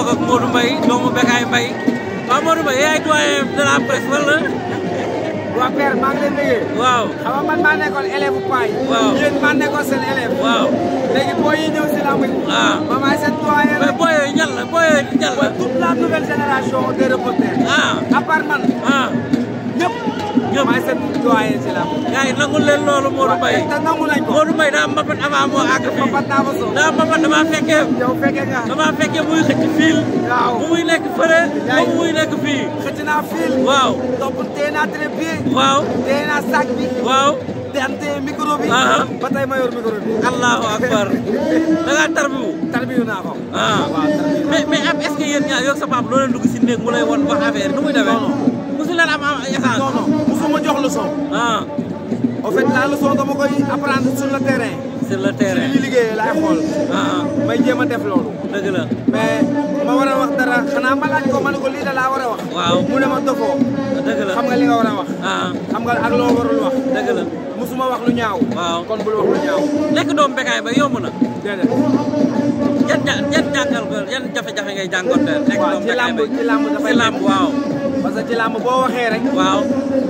toog ak Modou doomu Bécaye Mbaye waaw Modou yaay doyen de la presse wala. waaw père maa ngi leen déggee. waaw xam nga man maa nekkoon élève bu Paa yi. waaw yéen si lamb yi. waaw ah. ma maay seen doyen la. mais boo yooyu ñan la boo yooyu ñan ah. man. ah ñëpp. ñoom maay seen doyen ci la gars leen loolu Modou Mbaye Modou Mbaye daa mbapat avant moo àgg fii daa mbapat dama fekkee dama fekkee muy xëcc fiil bu muy nekk fële bu muy nekk fii waaw waaw waaw dante allahu akbar da ngaa tarbiwu tarbiwu naa ko ah mais mais sa pap loo leen lay won wax affaire nu muy demee mosu leen am am échange ma jox leçon. ah. en fait la leçon dama koy apprendre sur le terrain. sur le terrain su ah, ah. may jéem a def loolu. dëgg la mais ma war a wax dara xanaa ma laaj ko ma ne ko a wax. waaw mu ne ma dofoo. dëgg la xam nga li nga war a ah, xam nga ak loo wax. lu ñaaw. waaw kon bul wax doom Bécaye ba yomb na. déedéet. yan ja yan jafe-jafe ngay jàngoon teel. doom Bécaye ba waaw ci làmb waaw. parce que ci làmb boo waxee rek. waaw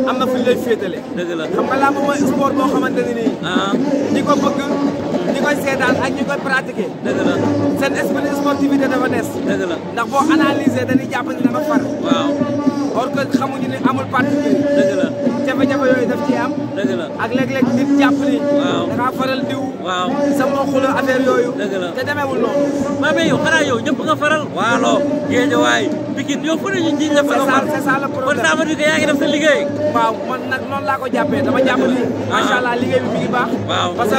am na fu ñu dëgg la xam nga làmb mooy sport boo xamante ne nii. Ah. ñi ko bëgg ñi koy seetaan ak ñi koy pratiqué. dëgg la seen esprit sportivité dafa des. dëgg la ndax boo analysé dañuy jàpp ni dafa far. waaw. or que xamuñu ne amul parti dëgg la jafe-jafe yooyu daf ci am dëgg la ak léeg-léeg nit jàpp ni faral diw waaw sa mbokkulu affaire yooyu dëgg la te demeewul noonu maa mais yow xanaa yow ñëpp nga faral waalo géejawaay Pikine yow fu ne ñu jiñ la fa c'est ça le problème kon ça veut dire que yaa ngi def sa liggéey waaw man nag noonu laa ko jàppee dama jàpp ni ah. macha allah liggéey bi mi ngi waaw parce que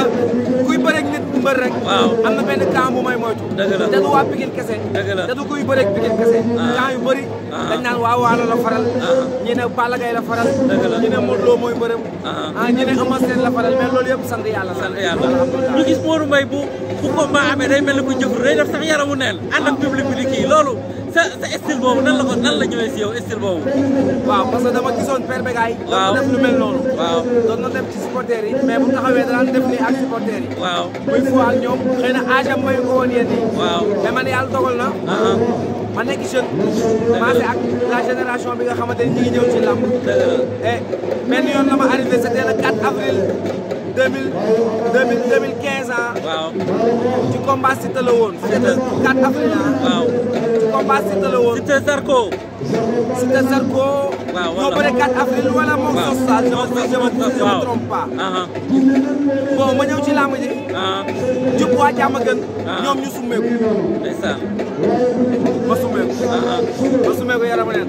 kuy bëreeg nit mbër rek waaw am na benn camp bu may moytu dëgg la waa Pikine kese dëgg faral ñi ne Balla Gaye la faral ñi ne Modou Lo mooy mbërëm ah, ah. ah ñi ne Eumeu Sène la faral mais loolu yëpp sant yàlla sant yàlla ñu gis Modou Mbaye bu bu combat amee day mel ni ku jëfru day def sax yaramu neen ànd ak public loolu sa sa style boobu nan la la ñëwee si yow style waaw parce dama gisoon Père Bégaay lu mel noonu waaw doon na dem ci supporters yi bu taxawee daan def nii ak supporters yi waaw muy foo ak ñoom xëy na aajam mayu ko woon waaw mais man ma nekk jeune. dëgg ak la génération bi nga xamante ni ñu ngi ñëw ci làmb. dëgg eh, la benn yoon la ma arrivé c'était le 4 avril deux mille deux mille deux mille quinze ans. Ah. waaw ci combat si tëla woon. c'était le 4 avril ah. waaw ci combat si tëla woon. c'était wala moo bëre 4 avril wala moom. waaw waaw non ah, ah. ma ñëw ci làmb ji. jub waa jàmm gën. ñoom ñu summeeku. ma sumeeku yaram neen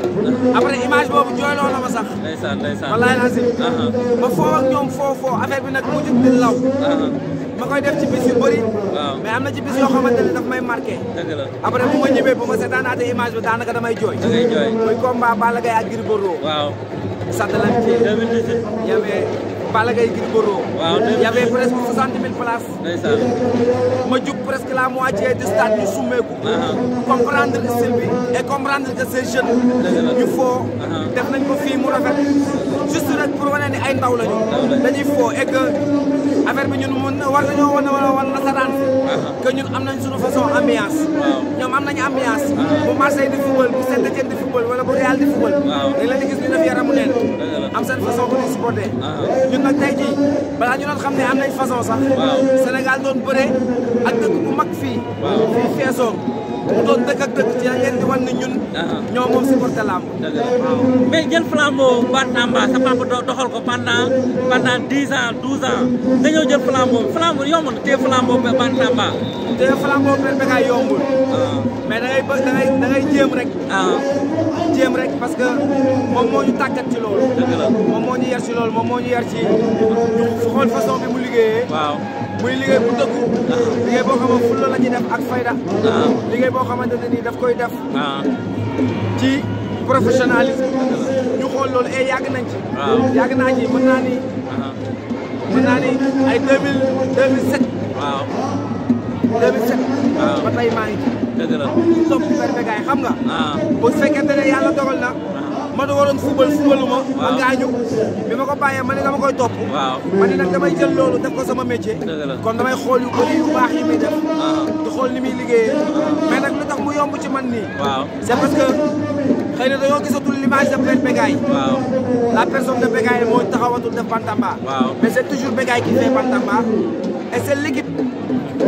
après image boobu jooyloo na ma sax ndeysaan ndeysaan wallaahi azim ma uh-huh. foo ak ñoom foo foo affaire bi nag mujj di uh-huh. ma koy def ci bis yu bëri am na ci bis yoo xamante ne daf may marqué dëgg la après bu ma ñëwee ba ma seetaanaate image bi daanaka damay jooy da ngay jooy muy combat Balla Gaye ak Gris Bordeaux waaw sant lañ ci 2018 y Balla Gaye Gris Bordeaux. waaw y presque soixante ma jug presque la moitié du stade ñu summeeku. comprendre style e et comprendre que ces jeunes. ñu foo. def nañ ko fii mu rafet. juste rek pour wane ni ay ndaw lañu dañuy foo et que affaire bi ñun mun war nañoo wan wan nasaraan si que ñun am nañ suñu façon ambiance ñoom am nañu ambiance ah. bu Marseille di football bu Saint-Étienne di football wala bu Real di football léegi la ñu gis ñu def yaramu neen am seen façon bu ñuy supporter ah. ñun nag tey jii balaa ñu doon xam ne am nañ façon sax Sénégal doon bëre ak dëkk bu mag fii fii feesoo mu doon dëkk ak dëkk ci la ngeen di wan ne ñun. ñoo moom supporter lamb. waaw mais jël flambeau Bantamba sa papa doxal ko pendant pendant dix ans jël flambeau flambeau yomb na téye flambeau Bantamba. téye flambeau PPK yombul. Ah. mais da ngay da ngay da ah. que moom moo ñu tàggat ci loolu. dëgg yar ci loolu moom moo ñu yar ci mu liggéeyee. waaw. muy liggéey bu dëggu liggéey boo xamante fulla la ñuy def ak fayda liggéey boo xamante ne nii koy def ci professionnalisme ñu xool loolu e yàgg nañ ci yàgg naa ci mën naa ni mën naa ni ay deux mille deux mille sept waaw deux mille sept ba tey maa ngi ci dëgg la xam nga bu fekkente ne yàlla dogal na ma da waroon fubal fubaluma ma gaañu bi ma ko bàyyee ma ne dama koy topp ma ne nag damay jël loolu def ko sama métier kon damay xool yu bëri yu baax yi muy di xool ni muy liggéeyee mais nag lu tax mu yomb ci man nii c'est parce que xëy na dañoo gisatul l'image de Fred la personne de Becaye moo taxawatul def Bantamba mais c'est toujours Becaye qui fait Bantamba et c'est l'équipe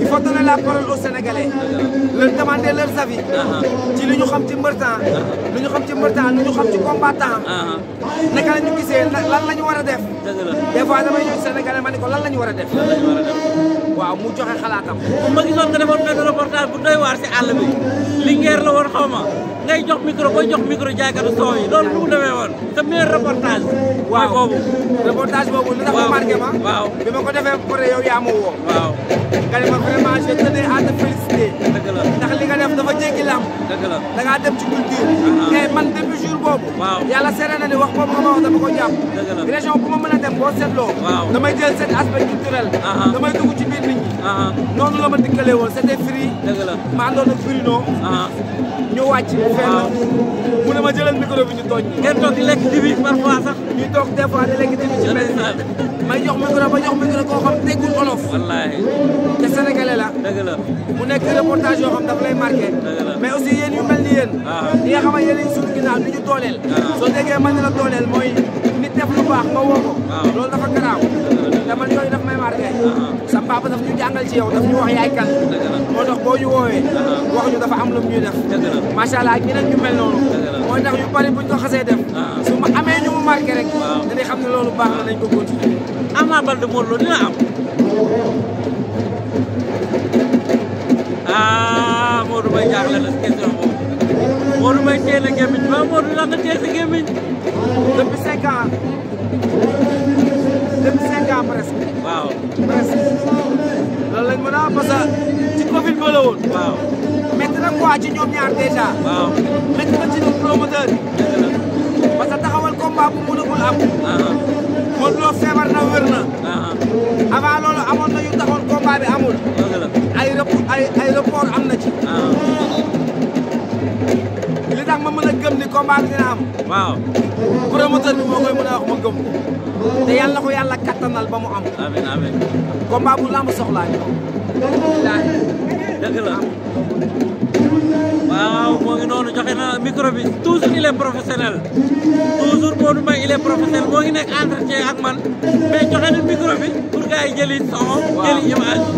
il faut donner la parole aux Sénégalais leur demander leurs avis ci li ñu xam ci mbërtaan li ñu xam ci mbërtaan li ñu xam ci combattant naka la ñu gisee lan la ñu war a def des fois damay ñëw Sénégalais ma ne ko lan la ñu war a def waaw mu joxe xalaatam bu ma gisoon nga defoon benn reportage bu doy waar si àll bi li ngeer la woon xaw ma ngay jox micro booy jox micro jaaykatu soow yi loolu lu mu demee woon te meilleur reportage waaw boobu reportage boobu li tax ma marqué ma waaw bi ma ko defee ba vraiment je tenais à te féliciter. dëgg la ndax li nga def dafa jéggi làmb. dëgg la da ngaa dem ci culture. Uh-huh. tey man depuis jour boobu. waaw yàlla seere na ni wax boobu nga ma wax dama ko jàpp. dëgg la région bu ma mën a dem boo seetloo. waaw damay jël seen aspect culturel. Uh-huh. damay dugg ci biir nit ñi. Uh-huh. noonu la ma dikkalee woon c' était free. dëgg la ma àndoon ak Bruno. ñu wàcc. waaw fenn mu ne ma jëlal micro bi ñu tooñ. ngeen toog di lekk dibi parfois sax. ñuy toog des fois di lekk dibi ci mel. may jox micro ba jox micro koo xam déggul olof. wallaahi. dëgg la mu nekk reportage yoo xam dafa lay marqué mais aussi yéen yu mel ni yéen ah. ñi nga xam ne yéen suñu ginnaaw ñu dooleel ah. soo déggee mën na la dooleel mooy nit def lu baax nga woo ah. loolu dafa garaaw te man may marqué sa papa daf ñu jàngal ci yow daf wax yaay kan moo tax boo ñu woowee wax ñu dafa am lu ñuy def macha allah ñeneen ñu mel noonu moo tax yu bari buñ ko xasee def su ma amee ñu mu marqué rek dañuy xam ne loolu baax na nañ ko continuer Ama Ah, Moro vai já lá nas questões. Moro vai ter lá que me dá Moro lá nas questões que me. Da pisega. Da pisega parece. Wow. Parece. Lá lá mora passa. Ti Covid bola woon. Wow. Maintenant quoi ci ñom ñaar déjà. Wow. Metti ma ci promoteur. Parce que taxawal combat bu mënagul am. Modou Lo feebar na wér na. Avant loolu amoon na yu taxoon combat bi amul. Dëgg la. ay ay report am na ci. Ah. li tax ma mën a gëm ni combat bi dina am. waaw promoteur bi moo koy mën a wax ma gëm ko. Ah. te yàlla na ko yàlla kattanal ba mu am. amiin amiin. combat bu lamb soxlaa ñu ko. dëgg la waaw moo ngi noonu joxe na micro bi toujours il est professionnel toujours Modou Mbaye il est professionnel moo ak man mais joxe na micro bi pour gars yi jëli son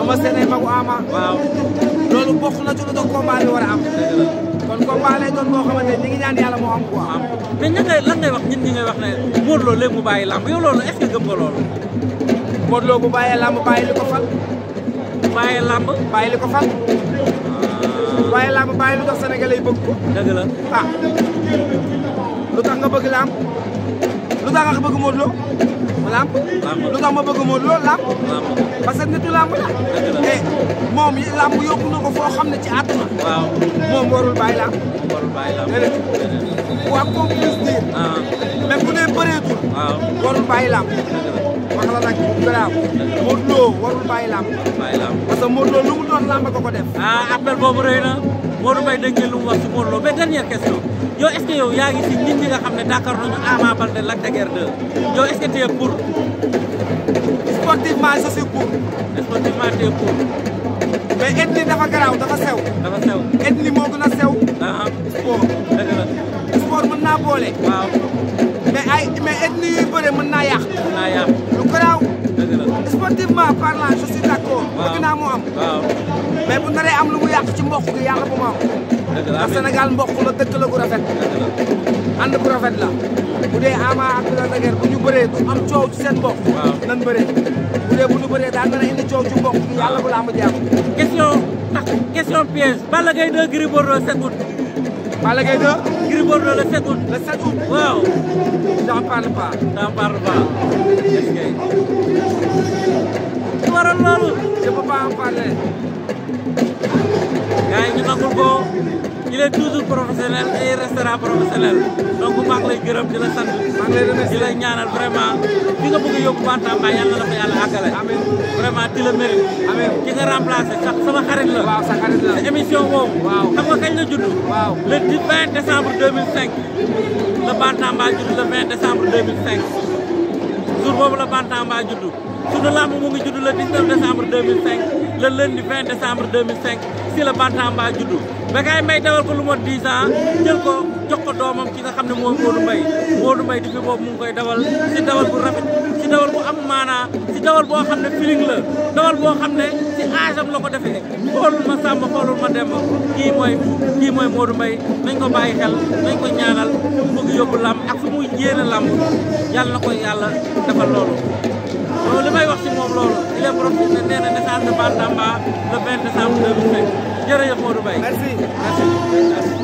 Eumeu Sène ay magu Ama waaw loolu bokk na ci lu tax combat bi war a am kon combat lay doon boo xamante ni ñi ngi ñaan yàlla moo am quoi am mais ña ngay lan ngay wax ñun ñi ngay wax ne Modou Lo léegi mu bàyyi làmb yow loolu est-ce que gëm nga loolu Modou Lo bu bàyyee làmb bàyyi li ko fal ah. bàyyi làmb bàyyi li ko fal bàyyi làmb bàyyi lu tax sénégalais yi bëgg ko dëgg la ah lu tax nga bëgg làmb lu tax nga bëgg Modou Lo lu tax ma bëgg Modou Lo lamb parce que nitu lamb eh, moom yi lamb yóbbu na ko foo xam ne ci àdduna waaw moom warul bàyyi lamb warul waa comme plus dire ah. même bu nee bëreetul warul bàyyi lamb la nag bu garaaw Modou Lo warul bàyyi làmb parce ko ko def ah boobu rëy na Modou Mbaye dégg ngeen lu mu wax si Modou Lo mais dernière yow est yow yaa ngi si nit ñi nga xam ne d'accord nañu Ama Baldé Lac de Guiers 2 yow est-ce que tu es pour sportivement je suis pour sportivement tu es pour mais ethnie dafa garaaw dafa sew dafa sew ethnie moo gën a sew ah, sport dëgg la sport mën naa boole waaw mais ay yuy bëre mën naa yàq naa yàq sportivement parlant je suis d' accord. bëgg bu naree am lu mu yàq ci mboq gi yàlla bu mu am. ndax Sénégal mboq la dëkk la gu rafet. ànd la. bu dee Ama ak Lac bu ñu bëree du am coow ci seen mboq. nan bëree bu dee bu ñu bëree daan dana indi coow ci mboq gi yàlla bu la am jàmm. question tax question piège. Balla Gaye 2 Gris Bordeaux le 7 août. Balla Gaye 2. Gris Bordeaux le 7 août. le 7 août waaw. j'en parle pas. j'en parle pas. xaaral ñu nangul ko il est toujours professionnel et il restera professionnel donc la sant maa ngi lay remercier ñaanal vraiment ki nga bëgg a yóbbu Bantamba yàlla na ko yàlla àggale amiin vraiment di la mérite sama xarit la waaw sa xarit la émission boobu waaw xam nga kañ la judd waaw le 20 décembre 2005 jour boobu la Bantamba juddu sunu lamb mu ngi juddu le 19 décembre 2005 le lundi 20 décembre 2005 si la Bantamba juddu Bécaye Mbaye dawal ko lu mot 10 ans jël ko jox ko doomam ki nga xam ne moo mooy Modou Mbaye Modou Mbaye depuis boobu mu ngi koy dawal si dawal bu rafet. dawal bu am maanaa si dawal boo xam ne feeling la dawal boo xam ne si âge am la ko defee ma Samba xoolul ma Demba kii mooy kii mooy Modou Mbaye ko bàyyi xel nañ ko ñaanal mu bëgg yóbbu làmb ak fu muy yéene làmb yàlla ko yàlla defal loolu loolu li may wax si moom loolu il est profité ne nee na message de Bantamba le 20 décembre 2005 jërëjëf Modou Mbaye merci merci